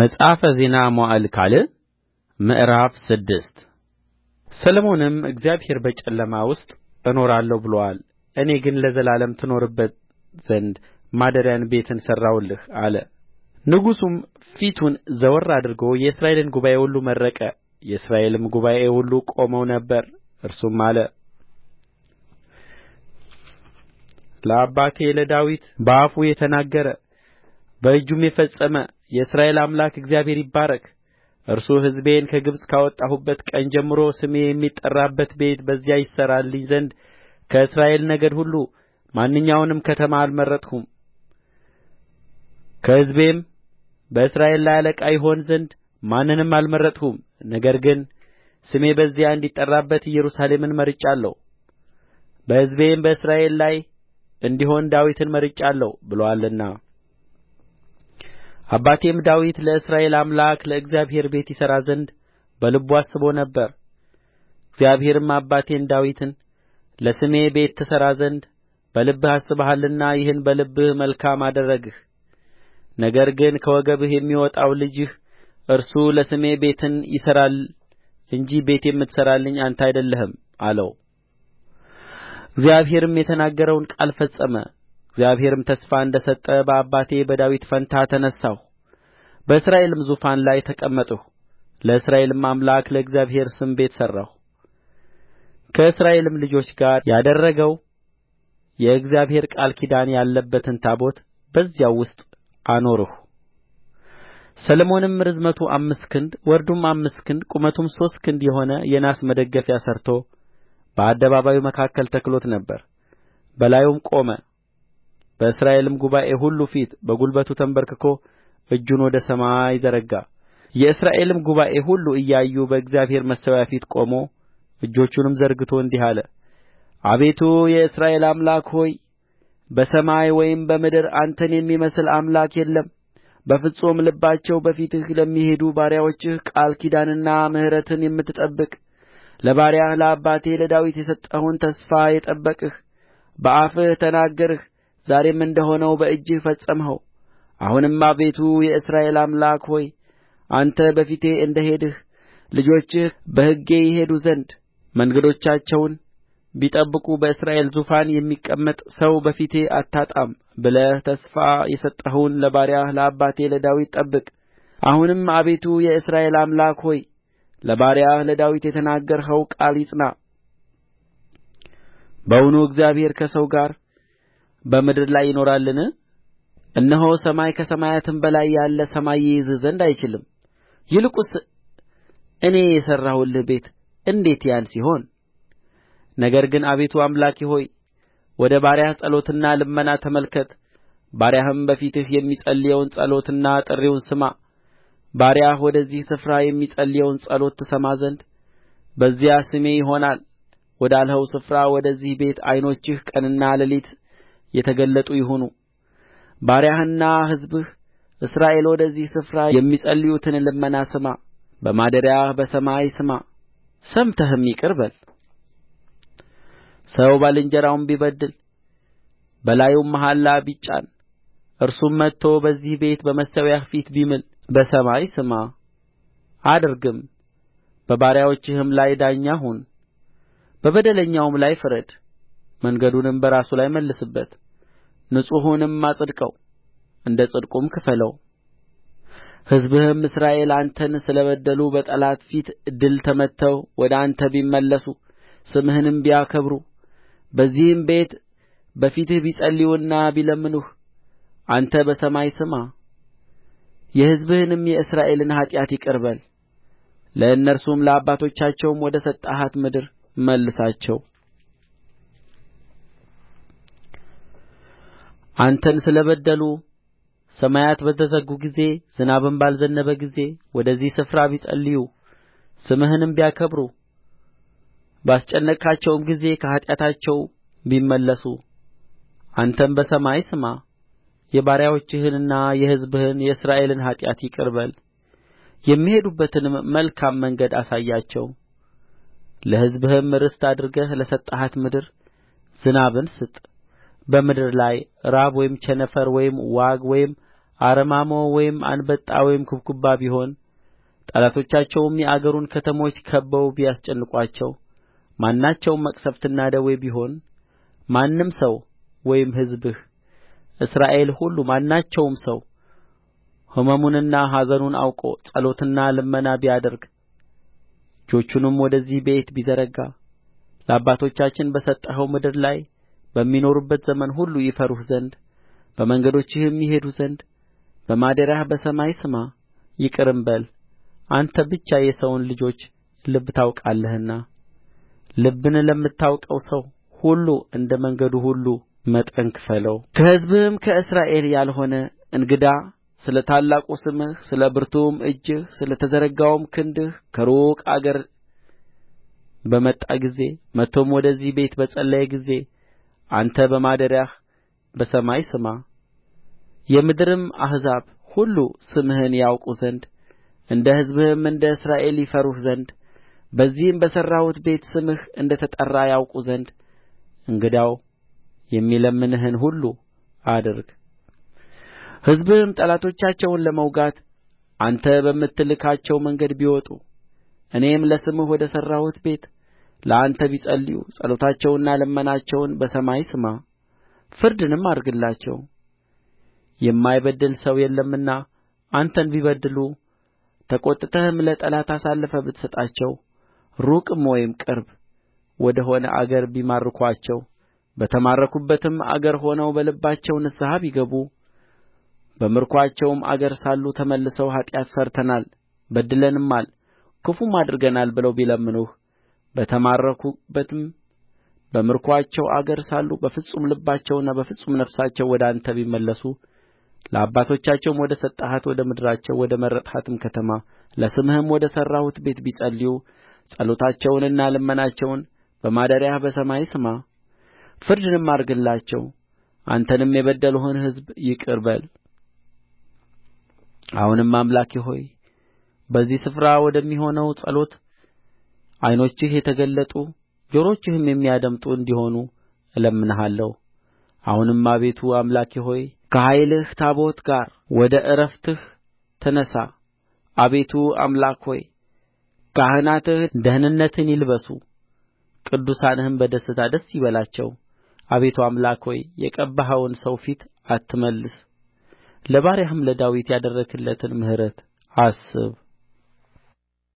መጽሐፈ ዜና መዋዕል ካልዕ ምዕራፍ ስድስት ሰሎሞንም እግዚአብሔር በጨለማ ውስጥ እኖራለሁ ብሎአል፣ እኔ ግን ለዘላለም ትኖርበት ዘንድ ማደሪያን ቤትን ሠራሁልህ አለ። ንጉሡም ፊቱን ዘወር አድርጎ የእስራኤልን ጉባኤ ሁሉ መረቀ። የእስራኤልም ጉባኤ ሁሉ ቆመው ነበር። እርሱም አለ ለአባቴ ለዳዊት በአፉ የተናገረ በእጁም የፈጸመ የእስራኤል አምላክ እግዚአብሔር ይባረክ እርሱ ሕዝቤን ከግብጽ ካወጣሁበት ቀን ጀምሮ ስሜ የሚጠራበት ቤት በዚያ ይሠራልኝ ዘንድ ከእስራኤል ነገድ ሁሉ ማንኛውንም ከተማ አልመረጥሁም ከሕዝቤም በእስራኤል ላይ አለቃ ይሆን ዘንድ ማንንም አልመረጥሁም ነገር ግን ስሜ በዚያ እንዲጠራበት ኢየሩሳሌምን መርጫለሁ በሕዝቤም በእስራኤል ላይ እንዲሆን ዳዊትን መርጫለሁ ብሎአልና አባቴም ዳዊት ለእስራኤል አምላክ ለእግዚአብሔር ቤት ይሠራ ዘንድ በልቡ አስቦ ነበር እግዚአብሔርም አባቴን ዳዊትን ለስሜ ቤት ትሠራ ዘንድ በልብህ አስበሃልና ይህን በልብህ መልካም አደረግህ ነገር ግን ከወገብህ የሚወጣው ልጅህ እርሱ ለስሜ ቤትን ይሠራል እንጂ ቤት የምትሠራልኝ አንተ አይደለህም አለው እግዚአብሔርም የተናገረውን ቃል ፈጸመ እግዚአብሔርም ተስፋ እንደ ሰጠ በአባቴ በዳዊት ፋንታ ተነሣሁ በእስራኤልም ዙፋን ላይ ተቀመጥሁ ለእስራኤልም አምላክ ለእግዚአብሔር ስም ቤት ሠራሁ ከእስራኤልም ልጆች ጋር ያደረገው የእግዚአብሔር ቃል ኪዳን ያለበትን ታቦት በዚያው ውስጥ አኖርሁ ሰሎሞንም ርዝመቱ አምስት ክንድ ወርዱም አምስት ክንድ ቁመቱም ሦስት ክንድ የሆነ የናስ መደገፊያ ሠርቶ በአደባባዩ መካከል ተክሎት ነበር በላዩም ቆመ በእስራኤልም ጉባኤ ሁሉ ፊት በጕልበቱ ተንበርክኮ እጁን ወደ ሰማይ ዘረጋ የእስራኤልም ጉባኤ ሁሉ እያዩ በእግዚአብሔር መሠዊያ ፊት ቆሞ እጆቹንም ዘርግቶ እንዲህ አለ አቤቱ የእስራኤል አምላክ ሆይ በሰማይ ወይም በምድር አንተን የሚመስል አምላክ የለም በፍጹም ልባቸው በፊትህ ለሚሄዱ ባሪያዎችህ ቃል ኪዳንንና ምሕረትን የምትጠብቅ ለባሪያህ ለአባቴ ለዳዊት የሰጠኸውን ተስፋ የጠበቅህ በአፍህ ተናገርህ ዛሬም እንደ ሆነው በእጅህ ፈጸምኸው አሁንም አቤቱ የእስራኤል አምላክ ሆይ አንተ በፊቴ እንደ ሄድህ ልጆችህ በሕጌ ይሄዱ ዘንድ መንገዶቻቸውን ቢጠብቁ በእስራኤል ዙፋን የሚቀመጥ ሰው በፊቴ አታጣም ብለህ ተስፋ የሰጠኸውን ለባሪያህ ለአባቴ ለዳዊት ጠብቅ አሁንም አቤቱ የእስራኤል አምላክ ሆይ ለባሪያህ ለዳዊት የተናገርኸው ቃል ይጽና በውኑ እግዚአብሔር ከሰው ጋር በምድር ላይ ይኖራልን እነሆ ሰማይ ከሰማያትም በላይ ያለ ሰማይ ይይዝህ ዘንድ አይችልም ይልቁንስ እኔ የሠራሁልህ ቤት እንዴት ያንስ ይሆን ነገር ግን አቤቱ አምላኬ ሆይ ወደ ባሪያህ ጸሎትና ልመና ተመልከት ባሪያህም በፊትህ የሚጸልየውን ጸሎትና ጥሪውን ስማ ባሪያህ ወደዚህ ስፍራ የሚጸልየውን ጸሎት ትሰማ ዘንድ በዚያ ስሜ ይሆናል ወዳልኸው ስፍራ ወደዚህ ቤት ዓይኖችህ ቀንና ሌሊት የተገለጡ ይሁኑ ባሪያህና ሕዝብህ እስራኤል ወደዚህ ስፍራ የሚጸልዩትን ልመና ስማ በማደሪያህ በሰማይ ስማ ሰምተህም ይቅር በል ሰው ባልንጀራውን ቢበድል በላዩም መሐላ ቢጫን እርሱም መጥቶ በዚህ ቤት በመሠዊያህ ፊት ቢምል በሰማይ ስማ አድርግም በባሪያዎችህም ላይ ዳኛ ሁን በበደለኛውም ላይ ፍረድ መንገዱንም በራሱ ላይ መልስበት ንጹሑንም አጽድቀው እንደ ጽድቁም ክፈለው ሕዝብህም እስራኤል አንተን ስለ በደሉ በጠላት ፊት ድል ተመትተው ወደ አንተ ቢመለሱ ስምህንም ቢያከብሩ በዚህም ቤት በፊትህ ቢጸልዩና ቢለምኑህ አንተ በሰማይ ስማ የሕዝብህንም የእስራኤልን ኃጢአት ይቅር በል ለእነርሱም ለአባቶቻቸውም ወደ ሰጠሃት ምድር መልሳቸው አንተን ስለ በደሉ ሰማያት በተዘጉ ጊዜ ዝናብም ባልዘነበ ጊዜ ወደዚህ ስፍራ ቢጸልዩ ስምህንም ቢያከብሩ ባስጨነቅሃቸውም ጊዜ ከኃጢአታቸው ቢመለሱ አንተም በሰማይ ስማ የባሪያዎችህንና የሕዝብህን የእስራኤልን ኃጢአት ይቅር በል የሚሄዱበትንም መልካም መንገድ አሳያቸው ለሕዝብህም ርስት አድርገህ ለሰጠሃት ምድር ዝናብን ስጥ በምድር ላይ ራብ ወይም ቸነፈር ወይም ዋግ ወይም አረማሞ ወይም አንበጣ ወይም ኩብኩባ ቢሆን ጠላቶቻቸውም የአገሩን ከተሞች ከብበው ቢያስጨንቋቸው ማናቸውም መቅሠፍትና ደዌ ቢሆን ማንም ሰው ወይም ሕዝብህ እስራኤል ሁሉ ማናቸውም ሰው ሕመሙንና ኀዘኑን አውቆ ጸሎትና ልመና ቢያደርግ እጆቹንም ወደዚህ ቤት ቢዘረጋ ለአባቶቻችን በሰጠኸው ምድር ላይ በሚኖሩበት ዘመን ሁሉ ይፈሩህ ዘንድ በመንገዶችህም ይሄዱ ዘንድ በማደሪያህ በሰማይ ስማ ይቅርም በል አንተ ብቻ የሰውን ልጆች ልብ ታውቃለህና ልብን ለምታውቀው ሰው ሁሉ እንደ መንገዱ ሁሉ መጠን ክፈለው ከሕዝብህም ከእስራኤል ያልሆነ እንግዳ ስለ ታላቁ ስምህ ስለ ብርቱውም እጅህ ስለ ተዘረጋውም ክንድህ ከሩቅ አገር በመጣ ጊዜ መጥቶም ወደዚህ ቤት በጸለየ ጊዜ አንተ በማደሪያህ በሰማይ ስማ የምድርም አሕዛብ ሁሉ ስምህን ያውቁ ዘንድ እንደ ሕዝብህም እንደ እስራኤል ይፈሩህ ዘንድ በዚህም በሠራሁት ቤት ስምህ እንደ ተጠራ ያውቁ ዘንድ እንግዳው የሚለምንህን ሁሉ አድርግ ሕዝብህም ጠላቶቻቸውን ለመውጋት አንተ በምትልካቸው መንገድ ቢወጡ እኔም ለስምህ ወደ ሠራሁት ቤት ለአንተ ቢጸልዩ ጸሎታቸውንና ልመናቸውን በሰማይ ስማ ፍርድንም አድርግላቸው የማይበድል ሰው የለምና አንተን ቢበድሉ ተቈጥተህም ለጠላት አሳልፈህ ብትሰጣቸው ሩቅም ወይም ቅርብ ወደ ሆነ አገር ቢማርኩአቸው በተማረኩበትም አገር ሆነው በልባቸው ንስሐ ቢገቡ በምርኮአቸውም አገር ሳሉ ተመልሰው ኃጢአት ሠርተናል በድለንማል ክፉም አድርገናል ብለው ቢለምኑህ በተማረኩበትም በምርኮአቸው አገር ሳሉ በፍጹም ልባቸውና በፍጹም ነፍሳቸው ወደ አንተ ቢመለሱ ለአባቶቻቸውም ወደ ሰጠሃት ወደ ምድራቸው ወደ መረጥሃትም ከተማ ለስምህም ወደ ሠራሁት ቤት ቢጸልዩ ጸሎታቸውንና ልመናቸውን በማደሪያህ በሰማይ ስማ ፍርድንም አድርግላቸው አንተንም የበደሉህን ሕዝብ ይቅር በል አሁንም አምላኬ ሆይ በዚህ ስፍራ ወደሚሆነው ጸሎት ዓይኖችህ የተገለጡ ጆሮችህም የሚያደምጡ እንዲሆኑ እለምንሃለሁ አሁንም አቤቱ አምላኬ ሆይ ከኃይልህ ታቦት ጋር ወደ ዕረፍትህ ተነሣ አቤቱ አምላክ ሆይ ካህናትህ ደኅንነትን ይልበሱ ቅዱሳንህም በደስታ ደስ ይበላቸው አቤቱ አምላክ ሆይ የቀባኸውን ሰው ፊት አትመልስ ለባሪያህም ለዳዊት ያደረግህለትን ምሕረት አስብ